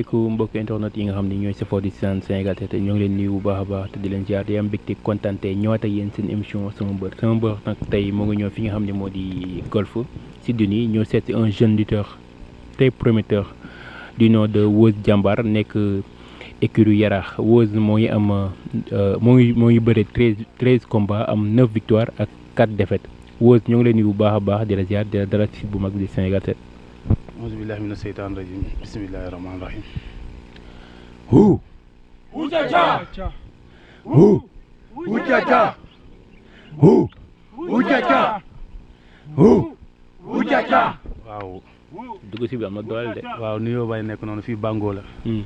asalaamaaleykum mbokk internet yi nga xam ne ñooy safoo di seen Sénégal te ñoo ngi leen nuyu bu a baax te di leen ziar di am mbégte kontaan te ñëwaat ak seen émission sama mbër sama mbër nag tey moo ngi ñëw fi nga xam ne moo di golf si duni ñoo seet un jeune lutteur très prometteur du nom de Weuz Diambar nekk écurie Yaraax Weuz moo ngi am euh, moo ngi moo ngi bëre treize treize combats am neuf victoires ak quatre défaites Weuz ñoo ngi leen nuyu bu baax a baax di la ziar di bu mag di Sénégal auzu billahi mina seytaan rajim bismillahi rahmaani rahim hu hu caca hu hu caca hu hu caca hu hu caca waaw dugg si bi am na doole de waaw nuyoo bay nekk noonu fii Bango la hmm.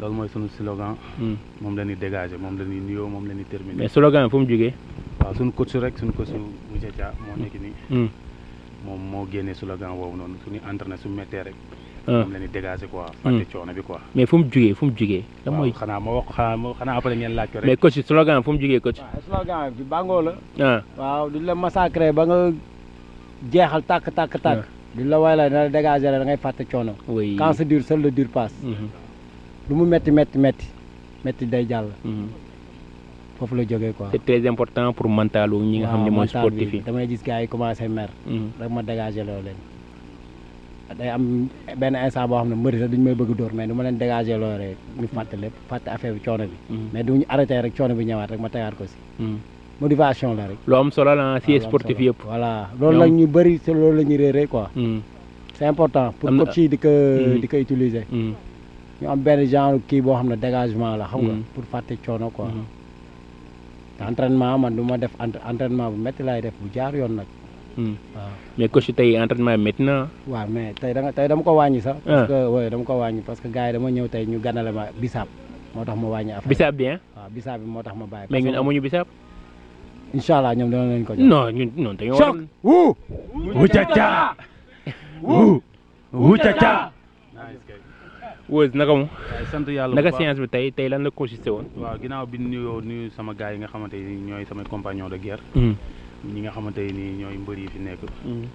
loolu mooy sunu slogan hmm. moom la ñuy dégagé moom la ñuy nuyoo moom la ñuy terminé mais slogan fu mu jógee waaw sunu coach rek sunu coach wu caca moo nekk nii hmm. moom moo génnee slogan woowu noonu suñu entraîné su méttee rek. Ah. moom la ñuy dégager quoi. fàtte hmm. coono bi quoi. mais fu mu jugee fu mu jugee. lan mooy xanaa ma wax ko xanaa après ngeen laaj ko rek. mais coach slogan fu mu jugee coach. slogan bi bàngoo la. Ah. waaw duñ la massacrer ba nga jeexal tàkk tàkk tàkk. Ah. du la wayla na la rek da ngay fàtte coono. oui quand c'est dur sa le dur passe. Mm-hmm. lu mu métti métti métti métti day jàll. Mm-hmm. foofu la jógee quoi. c'est très pour mentalu ñi nga xam ne mooy sportif yi damay gis gars yi commencé mer. Mm. day am benn instant boo xam ne mbëri sax duñ may bëgg dóor mais ma leen dégagé loo rek lépp fàtte affaire bi coono bi. Mm. mais duñu arrêté rek coono bi ñëwaat rek ko si. Mm. motivation la rek. lu am solo la si yëpp. voilà loolu la ñu bëri si loolu la ñu réeré quoi. c'est important pour coach yi di ko di ko utiliser. ñu am benn genre kii boo xam ne dégagement la. xam nga pour fàtte coono quoi. te man du ma def entraînement bu métti laay def bu jaar yoon nag. Hmm. waaw mais coach tey entraînement bi métti na. waaw mais tey dama tey dama ko wàññi sax. Ah. parce que oui dama ko wàññi parce que gars yi dama ñëw tey ñu ganale ma bisaab moo tax ma wàññi affaire bisaab bi waaw bi moo tax ma bàyyi. mais ñun amuñu bisaab. incha allah ñoom dana leen ko jox. non ñun non dañoo. choc wuu. wucaca Wëz naka mu. sant yàlla naka séance bi tey tey lan la consisté woon. waaw ginnaaw bi nuyoo nuyu sama gars yi nga xamante ni ñooy samay compagnon de guerre. Hmm. ñi nga xamante nii ñooy mbër yi fi nekk. Hmm.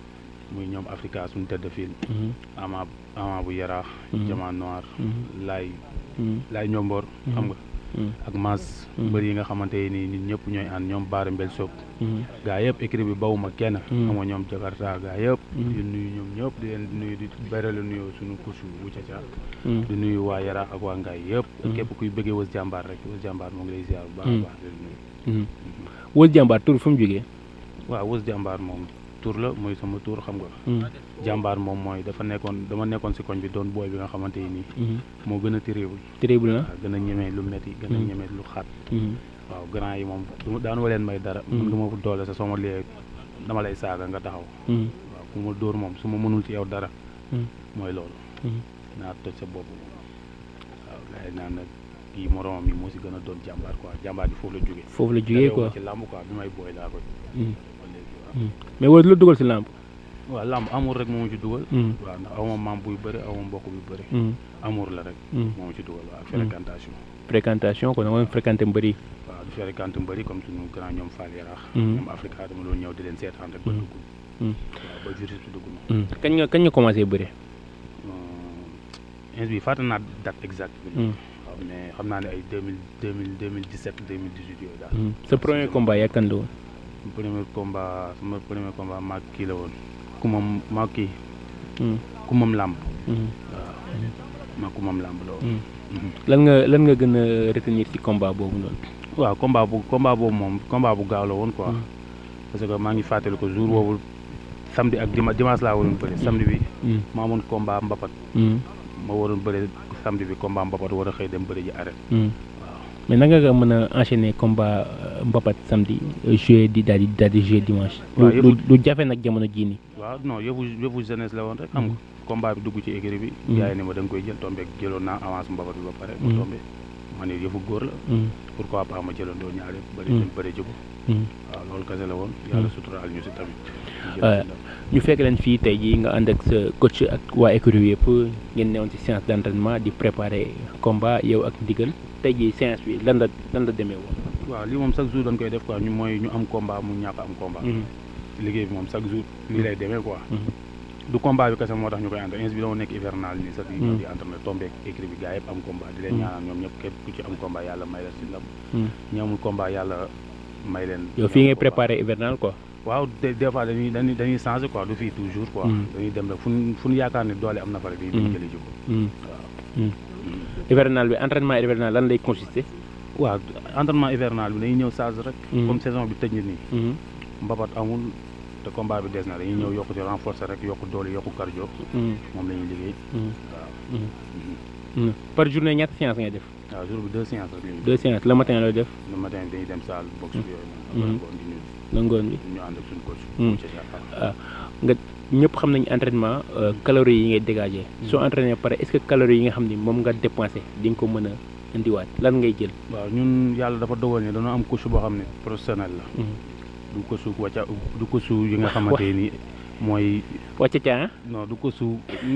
muy ñoom Africa suñu tête de file. Hmm. ama ama bu yaraax. jamaa noir. laay. laay ñomboor xam nga. Mm. ak mas mm. mbër yi nga xamante ni nit ñëpp ñooy ànd ñoom baara mbel soog mm. gaa yëpp écrit bi bawuma kenn xam nga ñoom jakarta gaa yëpp di nuyu ñoom ñëpp di leen nuyu di berelu nuyoo suñu kusu wu caca di nuyu waa yaraax ak waa ngaay yëpp képp kuy bëggee wës jàmbaar rek wës jàmbaar moo ngi lay ziar bu baax a baax di nuyu mm-hmm. wës jàmbaar tur fu mu jógee waaw wës jàmbaar moom tur la mooy sama tur xam nga jàmbaar moom mooy dafa nekkoon dama nekkoon si koñ bi doon booy bi nga xamante yi nii mhm. moo gën a téréewul téréewul na waaw gën a ñemee lu metti gën a mhm. ñemee lu xat mhm. waaw grand yi moom daanu waleen may dara man ma doole sa soo ma liyee dama lay saaga nga taxaw waaw ma dóor moom su ma mënul ci dara mooy loolu naa toj sa bopp waaw gars yi naan nag kii moromam yi moo si gën a doon ko quoi jàmbaar bi foofu la jógee foofu la jógee quoi ci may booy laa ko mais wala la dugal si làmb waa làmb amour rek moo ma ci dugal. Mm. waaw ndax maam buy bëri aw ma mbokk buy bëri. Mm. amour la rek. Mm. moo ma ci dugal waaw fréquentation. fréquentation kon da nga fréquenté mbëri. waaw di fréquenté mbëri comme suñu grand ñoom Fall Yaraax. ñoom Africa di leen seetaan rek ba dugg. kañ nga kañ nga commencé bëri. Euh, incha naa date exacte bi. waaw mais naa ne ay deux mille deux mille deux mille dix sept deux mille dix huit yooyu daal. sa premier combat yaakaar woon. premier combat sama kii la woon. ku moom maa kii. Hmm. ku moom làmb. Hmm. waaw loolu. Hmm. lan nga lan nga gën a retenir ci combat boobu noonu. waaw combat bu combat boobu moom combat bu gaaw la woon quoi. parce que maa ngi fàttali ko jour boobu samedi ak dimanche laa waroon bëri samedi bi. maa amoon combat mbapat. ma waroon bëri samedi bi combat mbapat war a xëy dem bëri ji arrêt. mais nanga nga mën a enchaîner combat euh, mbapat samedi euh, jouer di daal di daal dimanche. lu jafe nag jamono jii nii. waaw non yëfu yëfu jeunesse la woon rek. xam nga mm-hmm. combat bi dugg ci écurie bi. Mm-hmm. yaay ne ma da nga koy jël tombé jëloon naa avance mbapat bi ba pare. mu mm-hmm. tombé ma ne yëfu góor la. pourquoi pas ma jëlandoo ñaar yëpp. bëri jëm bëri jëm. waaw loolu kese la woon. yàlla hmm. suturaal euh, sa coach di préparer combat yow bi lan la lan la demee woon. waaw lii moom chaque jour dañ koy def quoi ñu mooy ñu am combat mu ñàkk am combat. Hmm. liggéey bi moom chaque jour lii hmm. lay demee quoi. du combat bi kese moo tax ñu koy entraîné ins bi dama nekk hivernal am combat di leen ñaanal ñoom ñëpp képp ci am combat yàlla may si ndam ñi amul combat yàlla may leen. yow fii ngay préparé hivernal quoi. waaw des fois dañuy dañuy changé quoi du fii toujours quoi. Hmm. dañuy dem rek fu ñu fu ñu yaakaar ne doole am na fa rek. dañuy hmm. jëli ji ko. Hmm. waaw. hivernal bi entraînement hivernal lan lay consister. waaw entraînement hivernal bi dañuy ñëw change rek. comme saison bi tëj na nii. mbabat amul te combat bi des na dañuy ñëw yokk ci renforcer rek yokk doole yokk cardio. moom la ñuy liggéey. par journée ñetti séance ngay def. waaw ah, jour bi deux séances rek la deux le matin looy def. le bi mhm. mhm. ah, nga ñëpp xam nañu entraînement euh, calories yi ngay dégager. Mhm. soo entraîné pare est-ce yi nga xam ni moom nga dépensé di nga ko mën a indiwaat lan ngay jël. waaw ñun yàlla dafa dogal ne dañoo am coach boo xam ne professionnel la. du coach wàcca du coach yi nga xamante ni. mooy wàcc ca ah? du ko su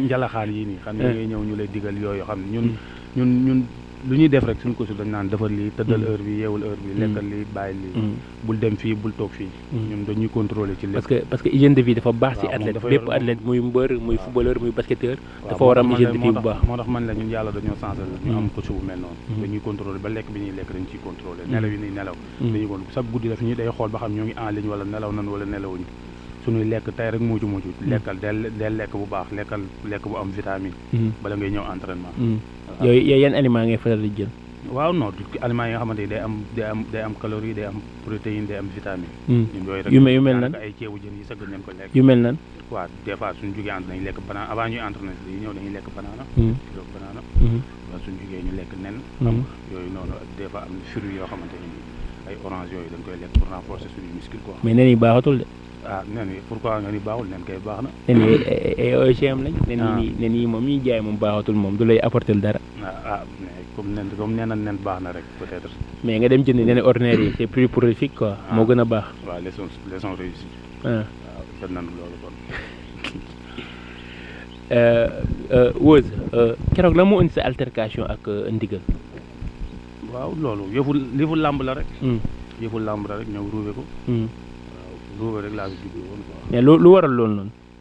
njalaxaan yi nii xam ne eh. ngay ñëw ñu lay digal yooyu xam ne ñun hmm. ñun ñun lu ñuy def rek suñ hmm. ko hmm. fii bul toog fii ñun dañuy contrôler ci lépp parce que parce que hygiène de vie dafa baax ci athlète bépp athlète muy am hygiène de vie bu baax moo tax man dañuy contrôler nelaw yi ñuy nelaw dañuy guddi daf ñuy day xool ba xam ñoo ngi en ligne nelaw nan wala nelawuñu suñuy lekk tey rek moo ci mujj lekkal del del lekk bu baax lekkal lekk bu am vitamine mm. bala ngay ñëw entraînement mm. ah. yooyu yooyu yan aliments ngay faral di jël waaw non aliments mm. yooyu rek yi ñu lekk nen mm-hmm. xam yooyu noonu des fois am na yoo xamante ni ay orange yooyu dañ koy lekk pour renforcer suñu muscle quoi mais nen yi baaxatul de ah nen yi pourquoi nga ni baaxul nen kay baax na. nen yi ay OGM lañ. Ah. nen yi moom ñuy jaay moom baaxatul moom du lay apporter dara. ah, ah mais comme nen comme nee baax na rek peut être. nga dem jënd nen ordinaire yi c'est plus prolifique quoi. Ah. moo gën a baax. waaw leçon leçon réussie. waaw jot nañu loolu kon. Euh, euh, euh, la moo indi sa ak ndigal. waaw loolu yëfu yëfu làmb la rek hmm. ñëw ruube ko. Hmm. loolu rek laa jublu woon quoi. mais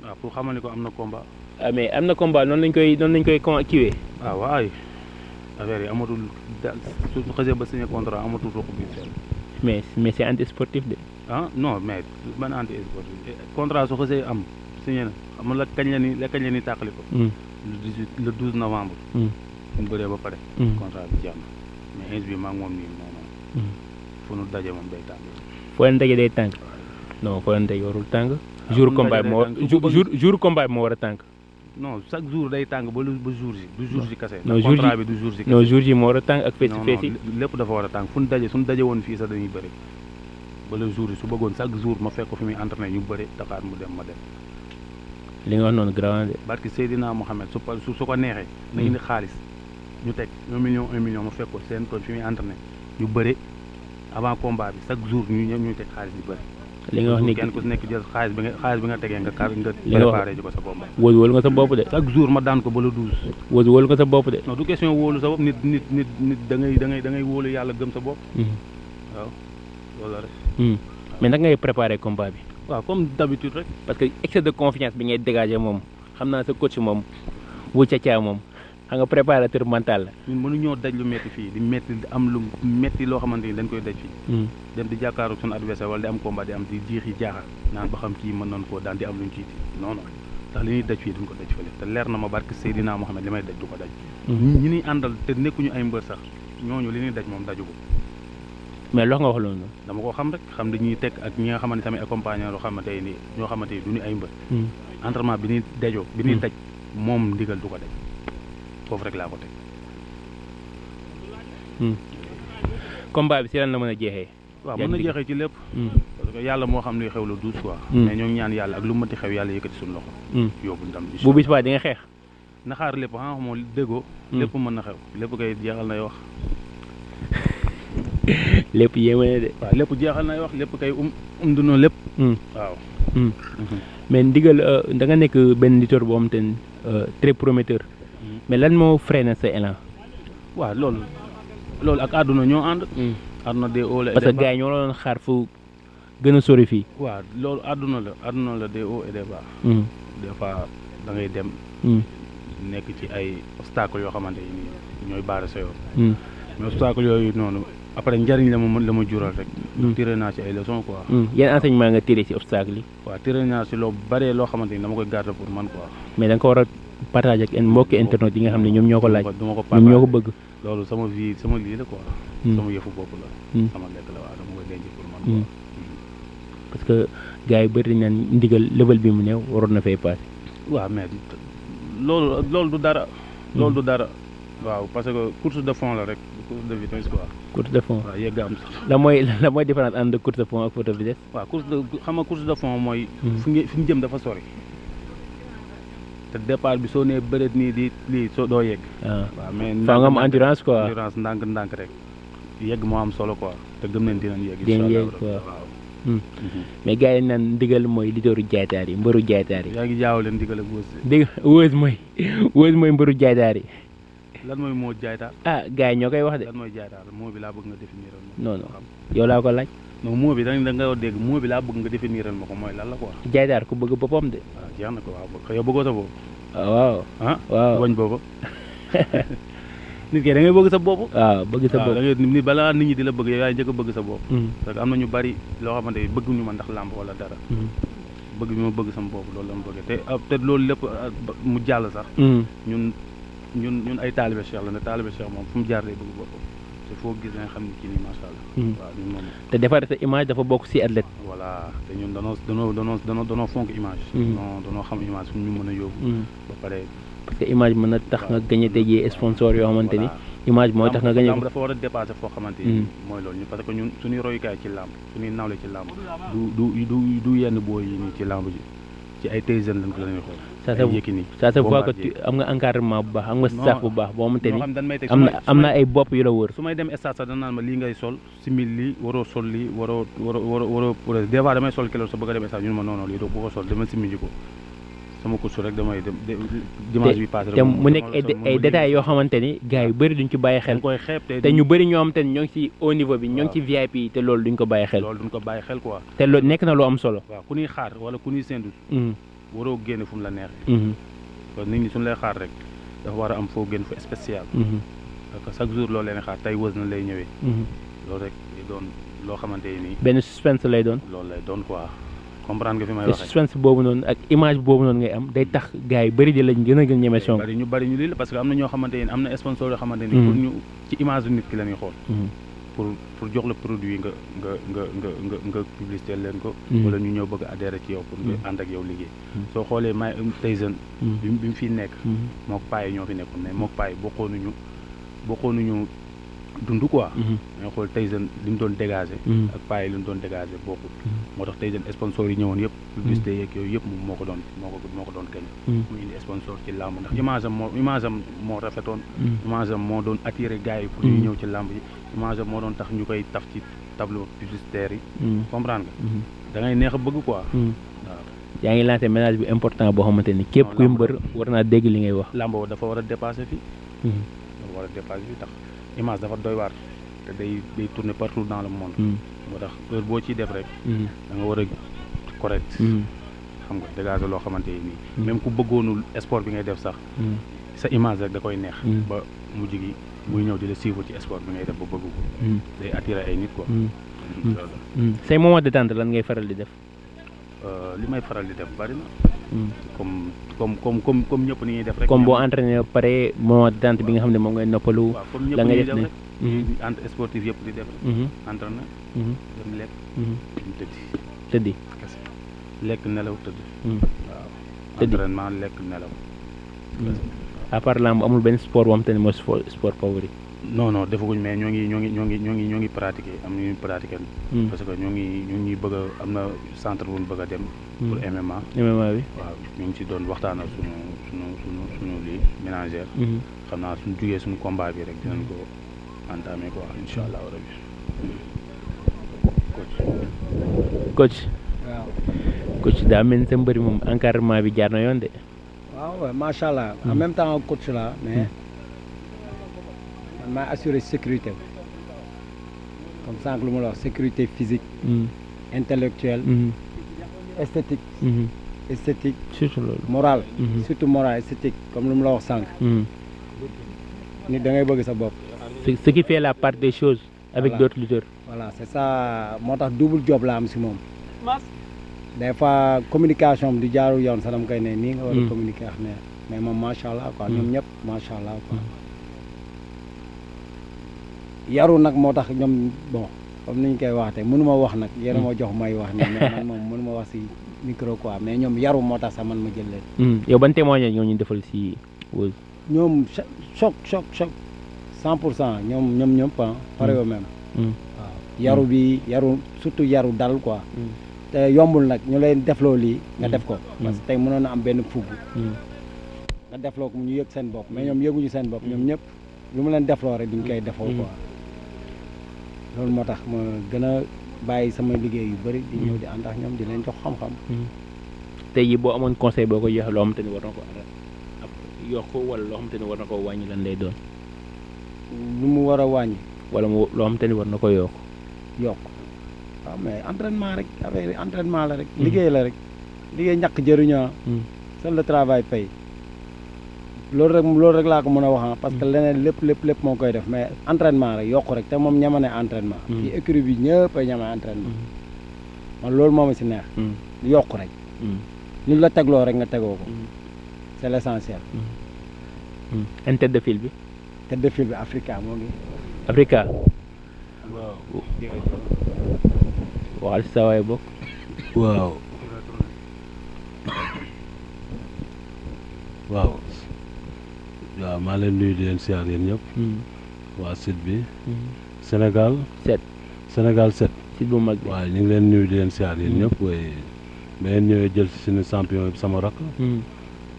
ah, ko am na combat. Ah, mais ah, da su xasee ba signé contrat amatul ruq bi mais mais c'est anti sportif de. ah non mais man anti sportif eh, contrat su xasee am signé na la kañ la ni la kañ ko. Hmm. le 18 le 12 novembre. Hmm. suñ bëree ba pare. Hmm. contrat bi jeex na mais bi maa ngi nii moom. daje moom day tànk. foo leen day tànk. non Kolante warul tàng. Ah, jour combat bi moo jour jour combat bi war a tàng. non chaque jour day ba lu ba jour ji. jour ji kese. non jour contrat bi du jour ji kese. non jour ji moo war a tàng ak. fees fees yi a ñu bëri. ba le jour su bëggoon chaque jour ma fekk ko fi muy entraîné ñu bëri Dakar mu dem ma dem. li nga wax noonu grand. barki Seydina Mohamed su su su ko neexee. na hmm. indi xaalis ñu teg un million un million ma fekk seen tool fi muy entraîné ñu bëri avant combat bi chaque jour ñu ñëw ñu teg xaalis ñu bëri. li nga wax ni kenn ku nekk jël xaalis bi nga xaalis bi nga tegee nga kar nga préparé ji sa bopp wóolu wóolu nga sa bopp de chaque jour ma daan ko ba douze wóolu wóolu nga sa bopp de du question wóolu sa bopp nit nit nit nit da ngay da ngay da ngay wóolu yàlla gëm sa bopp hmm. waaw loolu hmm. mais nag ngay préparé combat bi waaw comme d'habitude rek parce que excès de confiance bi ngay dégagé moom xam naa sa coach moom wu caca moom xam nga préparateur mental la. ñun mënuñoo daj lu metti fii di metti am lu metti loo xamante ni dañ koy daj fii. Hmm. dem di jàkkaaru suñu adversaire wala di am combat di am di jiixi jaaxal naan ba xam kii mën nañu koo daan di am lu ñu ciiti non non ndax li ñuy daj fii duñ ko daj fële te leer na ma barke Seydina Mohamed li may daj du ko daj. Hmm. ñi ñuy àndal te nekkuñu ay mbër sax ñooñu li ñuy daj moom daju mais loo nga wax loolu dama ko xam rek xam dañuy teg ak ñi nga xamante tamit accompagneur yoo xamante ni ñoo xamante ni du ñu ay mbër. Hmm. entraînement bi ñuy dajoo bi ñuy daj moom ndigal du ko daj foofu rek laa ko teg. Hmm. combat bi si lan mën a jeexee. waaw mën na jeexee ci lépp. Hmm. yàlla moo xam luy xew la douze fois. Hmm. mais ñoo ngi ñaan yàlla ak lu mënti xew yàlla yëkkati suñu loxo. yóbbu ndam bu bis ba di xeex. naxaar lépp ah, xam moom déggoo. lépp mën na xew lépp kay jeexal nay wax. lépp lépp jeexal nay wax lépp kay um umdu na lépp. waaw. Mhm. mais ndigal euh, da nga nekk benn lutteur boo xam te ne euh, prometteur. mais lan moo freiné sa élan. waaw loolu loolu ak àdduna ñoo ànd. Hmm. àdduna dee oo la parce que gars ñoo xaar fu gën a fii. waaw loolu àdduna la àdduna la dee oo et hmm. fois. des dem. Hmm. nekk ci ay obstacles yoo xamante ni ñooy baare sa mais obstacles yooyu noonu après njariñ la ma la ma jural rek. tiré naa ci ay leçons quoi. yan enseignement nga tiré ci obstacle yi. waaw tiré naa loo bëree loo xamante ni dama koy garder pour man quoi. mais da ko war a partage ak mbokki internet yi nga xam ne ñoom ñoo ko laaj ñoom ñoo ko bëgg loolu sama vie sama hmm. sama yëfu la hmm. sama lekk la waaw dama hmm. parce que gars yi bëri nañ ndigal level bi mu ne waroon na fay passé waaw mais loolu loolu du dara loolu du dara waaw parce que course de fond la rek course de vitesse quoi course de fond la mooy la mooy différence entre course de fond ak photo vitesse waaw course de xam course de fond mooy fi nga ñu jëm dafa sori te départ bi nee bëreet nii di lii soo doo yegg. Ah. waaw mais faa nga am endurance quoi endurance ndànk ndànk rek yegg moo am solo quoi te gëm nañ di yegg. dinañ yegg quoi hmm. mhm. mais gars yi naan ndigal mooy lidooru jaaytaar yi mbëru jaaytaar yi. yaa ngi jaawale ndigal ak wóos. dégg wóos mooy wóos mooy mbëru jaaytaar yi. lan mooy moo jaaytaar. ah gars ñoo koy wax de. mooy jaaytaar moo bi laa bëgg ko laaj. non moo bi da nga dégg moo bi laa bëgg nga définiral ma ko mooy lan la quoi. Diaydar ku bëgg boppam de. Ah, jeex na ko waaw yow bëggoo sa bopp. Ah, waaw ah waaw bañ boobu. nit ki da ngay bëgg sa bopp. waaw ah, bëgg sa bopp balaa nit ñi di la bëgg yow yaa njëkk a bëgg sa bopp. Hmm. parce que am na ñu bari loo xamante ni bëgguñu ma ndax làmb wala dara. Hmm. bëgg bi ma bëgg sama bopp loolu la ma bëgg te te loolu lépp mu jàll sax. Hmm. ñun ñun ñun ay taalibe Cheikh la ne taalibe Cheikh moom fu mu jaar lay bëgg boppam. te foo gis nga xam ne kii nii macha allah. Hmm. waaw ñun moom te defar sa image dafa bokk si athlète. voilà te ñun danoo danoo danoo danoo image. Hmm. non danoo xam image suñ ñu mën a yóbbu. Hmm. parce que image mën a tax nga gagné tey sponsor yoo xamante ni. image mooy tax nga gagné ko dafa war a dépassé foo xamante ni. mooy loolu parce que ñun suñuy royukaay ci làmb suñuy nawle ci làmb du du du yenn booy yi nii ci làmb ji. ci ay taysen lañ ko lañuy xool ça se ça se voit que am nga encadrement bu baax am nga staff bu baax boo xamante ni am na am na ay bopp yu la wër su may dem stade sax dañ naan ma lii ngay sol simil lii waroo sol lii waroo waroo waroo waroo des fois damay sol kilo sa bëgg a dem stade ñu ma non lii doo ko sol dama simili ko dama ko su rek damay dem dimanche bi passé. te mu nekk ay détails yoo xamante ni gars yu bëri duñ ci bàyyi xel. koy xeeb te ñu bëri ñoo xamante ni ñoo ngi ci au niveau bi. ñoo ngi ci VIP yi te loolu duñ ko bàyyi xel. te loolu nekk na lu am solo. ku ñuy xaar wala ku ñuy séntu. Mm-hmm. waroo mm-hmm. nit ñi suñu lay xaar rek dafa war a am foo génn fu spécial. Mm-hmm. parce leen xaar tey wës na lay ñëwee. loolu rek loo xamante ni. benn suspense lay doon. comprendre nga fi may waxee suspense boobu noonu ak image boobu noonu ngay am day tax gars yi bëri di lañ gën a gën ñeme song bëri ñu bëri ñu lii la parce que am na ñoo xamante ne am na sponsor yoo xamante ni mm-hmm. pour ñu ci image nit ki la ñuy xool mm-hmm. pour jox la produit nga nga nga nga nga nga publicité leen ko mm-hmm. wala ñu ñëw bëgg a adhéré ci yow pour nga ànd ak yow liggéey soo xoolee may Tyson bi mu fi nekk mook paay ñoo fi nekkoon mais mook paay bokkoonuñu bokkoonuñu dund quoi. Mhm. danga xool Tyson li doon dégager. Mhm. ak paa yi li mu doon dégager bokkul. Mhm. moo tax Tyson sponsor yi ñëwoon yëpp. publicité yeeg moom moo ko doon moo moo indi sponsor ci làmb ndax image moo rafetoon. image moo doon attiré gars yi. pour ñu ñëw ci làmb yi image moo doon tax ñu koy taf ci tableau publicitaire yi. comprendre nga. da ngay neex a bëgg quoi. yaa ngi lancé message bu important boo xamante ni képp kuy mbër war naa dégg li ngay wax. làmb dafa war a dafa a image dafa doy waar te day day partout dans le monde. Hmm. moo tax heure boo ciy def rek. Hmm. da nga war a correct. Hmm. xam nga dégager loo xamante ni même ku bëggoonul sport bi ngay def sax. sa image rek da koy neex. ba mujj gi muy ñëw di la suivre ci sport bi ngay def ba bëgg day attirer ay nit quoi. say moment de détente lan ngay faral di def. Euh, li may faral di def bari na. comme comme comme comme comme ñëpp ni ñuy def rek. comme boo entraîné ba pare moment détente bi nga xam ne moom ngay noppalu. la nga def ne mhm. entre sportif yëpp di def. Mhm. entraîné. Mhm. dem lekk. tëddi. lekk nelaw tëdd. waaw entraînement lekk nelaw. à part lamb amul benn sport boo xam te ne mooy sport favori. non non defaguñ mais ñoo ngi ñoo ngi ñoo ngi ñoo ngi ñoo ngi pratiqué am na ñuy pratiqué. Hmm. parce que ñoo ngi ñu ngi bëgg am na centre bu ñu bëgg a dem. Hmm. pour MMA. MMA bi waaw ñu ngi ci doon waxtaan ak suñu suñu suñu suñu lii ménagère. Hmm. xam naa suñu jugee suñu combat bi rek dinañ ko entamé quoi incha allah rabi. coach. coach. waaw. ni sa mbëri moom encadrement bi jaar na yoon de. waaw macha allah. en même temps coach la man maa sécurité comme sànq lu ma la wax sécurité physique. Mm-hmm. intellectuelle. Mm-hmm. esthétique. Mm-hmm. esthétique. surtout loolu morale. surtout morale esthétique comme lu mu la wax sànq. nit da ngay bëgg sa bopp. ce qui fait la part des choses. avec d'autres lutteurs. voilà c'est ça moo tax double job la am si moom. des fois communication am du jaarul yoon sax dama koy ne nii nga war a mm. communiquer mais moom macha allah quoi ñoom mm. ñëpp macha allah quoi. Mm. yaru nag moo tax ñoom bon comme ni ñu koy waxte mënuma wax nag yéen moo hmm. jox may wax ni mais man moom mënuma wax si micro quoi mais ñoom yaru moo tax sax man ma jël leen hmm. yow ñoo ñu defal si Weuze ñoom choc choc choc cent pour cent ñoom ñoom ñëpp ah pare yoo hmm. yaru bi yaru surtout yaru dal quoi te yombul nag ñu leen defloo lii nga def ko parce que tey mënoon na am benn fugg nga ñu yëg seen bopp mais ñoom yëguñu seen bopp ñoom ñëpp lu mu leen defloo rek duñ koy defoo quoi loolu moo tax ma gën a bàyyi sama liggéey yu bëri di ñëw di ànd ak ñoom di leen jox xam-xam hmm. tey jii boo amoon conseil boo ko joxe loo xamante ni war na ko ab yokk wala loo xam te war na ko wàññi lan lay doon lu mu war a wàññi wala mu loo xamante ni war na ko yokk yokk waaw mais entraînement rek affaire entraînement la rek hmm. liggéey la rek liggéey ñàkk jëriñoo hmm. seul le travail paye loolu rek loolu rek laa ko mën a wax ah, parce que hmm. leneen lépp lépp lépp moo koy def mais entraînement rek yokk rek te moom ñamane entraînement. Hmm. ci écurie bi ñëpp ay ñamane entraînement. Hmm. man loolu moo si neex. yokk rek. ñu la tegloo rek nga tegoo ko. c' est l' essentiel. de file bi. tête de file bi Africa moo ngi. Africa. waaw. waaw maa leen nuyu di leen siyaar yéen ñëpp. Hmm. waa site bi. Hmm. Sénégal. 7 Sénégal 7. site bu mag ñu ngi leen nuyu di leen siyaar yéen hmm. ñëpp. waaye ba ngeen ñëwee jël si suñu champion sama rakk.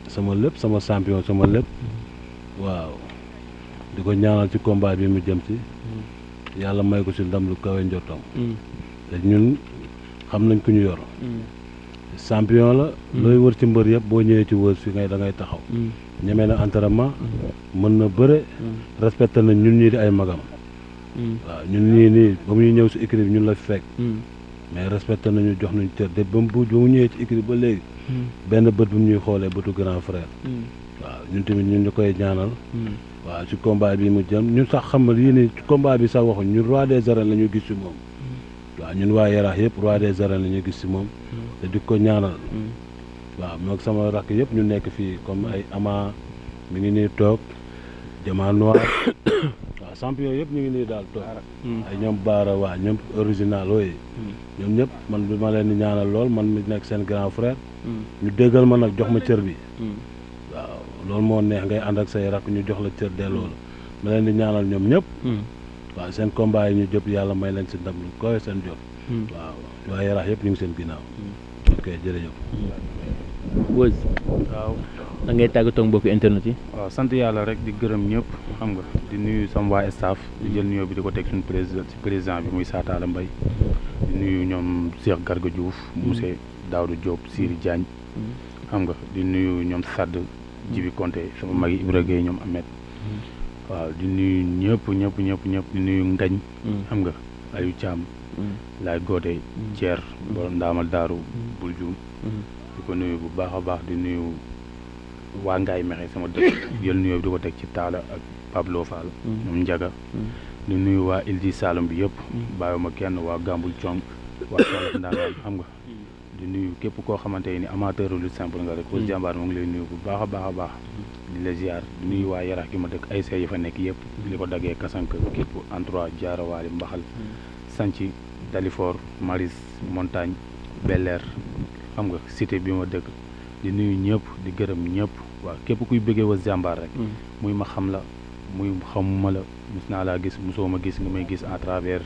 sama lépp sama champion sama lépp. waaw di ko ñaanal ci combat bi mu jëm si. yàlla may ko si ndam lu kawe njottam. te ñun xam nañ ku ñu yor. champion la. looy wër ci mbër yëpp boo ñëwee ci wër fi ngay da ngay taxaw. ñemee na entraînement mën na bëre mm. respecté na ñun ñii di ay magam mm. waaw ñun ñii nii ba mu ñëw si équipe bi ñun la fekk mm. mais respecté nañu jox nañu cër de ba mu bu ba mu ñëwee ci équipe ba léegi benn bët bu ñuy xoolee bëtu grand frère waaw ñun tamit ñun ñu koy ñaanal waaw ci combat bi mu jëm ñun sax xamal lii ni ci bi sax waxuñ ñun roi des arènes la ñu gis si moom waaw ñun waa Yaraax yëpp roi des arènes la ñu gis si moom te di ko ñaanal waaw moog sama rakk yëpp ñu nekk fii comme ay ama mi ngi nii toog jama noir waaw champion yëpp ñu ngi nii daal toog mm. Mm. ay ñoom baara waa ñoom original ooyu mm. ñoom ñëpp man bi ma leen di ñaanal lool man mi nekk seen grand frère ñu déggal ma nag jox ma cër bi waaw loolu moo neex ngay ànd ak say rakk ñu jox la cër delloo la ma leen di ñaanal ñoom ñëpp waaw seen combat yi ñu jëpp yàlla may leen si ndam lu koy seen jot waaw waaye yaraax yëpp ñu ngi seen ginnaaw ok jërëjëf waaw da ngay tàggatoo ak mbokki internet yi. waaw sant yàlla rek di gërëm ñëpp xam nga di nuyu sama waa staff di jël nuyoo bi di ko teg suñu président si président bi muy Saataala Mbaye di nuyu ñoom Cheikh Garga Diouf. Mm-hmm. monsieur Daouda Diop Siri Diagne. Mm-hmm. xam nga di nuyu ñoom sàdd mm-hmm. Jibi Konté sama mag yi ñoom Ahmed. waaw di nuyu ñëpp ñëpp ñëpp ñëpp di nuyu Ngañ. xam nga Aliou Thiam. Laay Gote Thier borom ndaamal daaru bul juum ko nuyu bu baax a baax di nuyu waa Ngaye Mekhe sama dëkk yël nuyoo di ko teg ci Talla ak Pablo Fall mm. Njaga mm. di nuyu waa Île du Saloum bi yëpp mm. ma kenn waa Gambul Thiong waa Kaolack Ndangaan xam nga di nuyu képp koo xamante ni amateur lu simple nga rek Weuz Diambar mu ngi lay nuyu bu baax a baax a baax di la ziar di nuyu waa yarax gi ma dëkk ay see yi fa nekk yëpp li ko daggee kasank képp endroit jaarawaali mbaxal sanc Dalifort Maris Montagne Bel xam nga cité bi ma dëkk di nuyu ñëpp di gërëm ñëpp waaw képp kuy bëggee Weuz Diambar rek mm. muy ma xam la muy xamuma la mus naa laa gis mosoo ma gis nga may gis à travers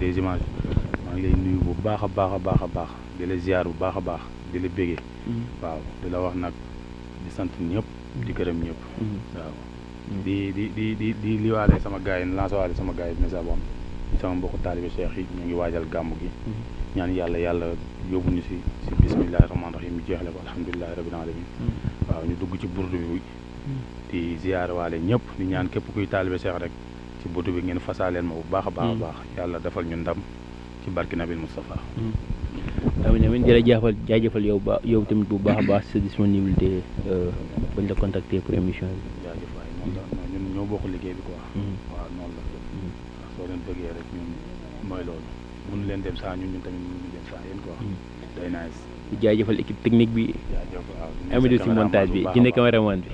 des images maa ngi lay nuyu bu baax a baax a baax a baax di la ziar bu baax a baax di la bëggee mm. waaw di la wax nag di sant ñëpp di gërëm ñëpp mm. waaw di di di di di liwaale sama gars yi lancé waale sama gars yi message boo xam sama mbokku taalibe Cheikh yi ñu ngi waajal gàmmu gi ñaan yàlla yàlla yóbbu ñu si si bisimilah rahmaani rahiim ñu jeexle ko alhamdulilah rabbil alamin hmm. waaw ñu dugg ci burdu bi hmm. di ziyaar waale ñëpp di ñaan képp kuy taalibe seex rek ci burdu bi ngeen fasaaleen ma bu baax a baax hmm. baax yàlla defal ñu ndam ci barki nabil Moustapha. amiin amiin jërëjëfal jaajëfal yow ba yow tamit bu baax baax sa disponibilité euh, bañ la contacter pour émission bi. jaajëf waay ñoo bokk liggéey bi quoi. waaw noonu la. soo leen bëggee rek ñun mooy loolu. mun leen dem saa ñu ñu tamit. waaw yéen quoi. Mm. équipe technique bi. jaajëf waaw di montage bi jënd caméraman bi.